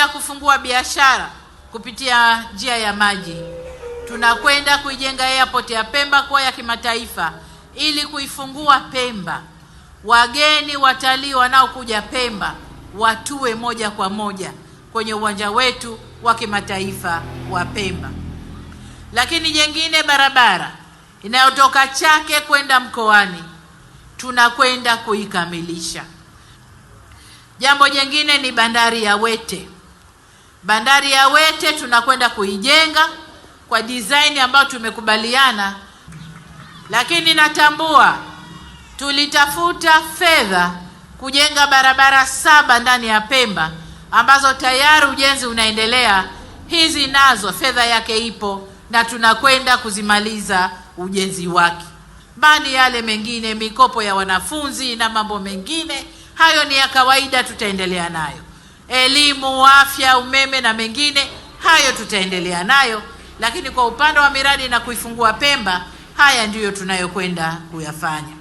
ya kufungua biashara kupitia njia ya maji. Tunakwenda kuijenga airport ya Pemba kuwa ya kimataifa ili kuifungua Pemba, wageni watalii wanaokuja Pemba watue moja kwa moja kwenye uwanja wetu wa kimataifa wa Pemba. Lakini jengine, barabara inayotoka Chake kwenda mkoani tunakwenda kuikamilisha. Jambo jengine ni bandari ya Wete. Bandari ya Wete tunakwenda kuijenga kwa design ambayo tumekubaliana, lakini natambua tulitafuta fedha kujenga barabara saba ndani ya Pemba ambazo tayari ujenzi unaendelea. Hizi nazo fedha yake ipo na tunakwenda kuzimaliza ujenzi wake, bali yale mengine, mikopo ya wanafunzi na mambo mengine, hayo ni ya kawaida, tutaendelea nayo elimu, afya, umeme na mengine hayo tutaendelea nayo, lakini kwa upande wa miradi na kuifungua Pemba, haya ndiyo tunayokwenda kuyafanya.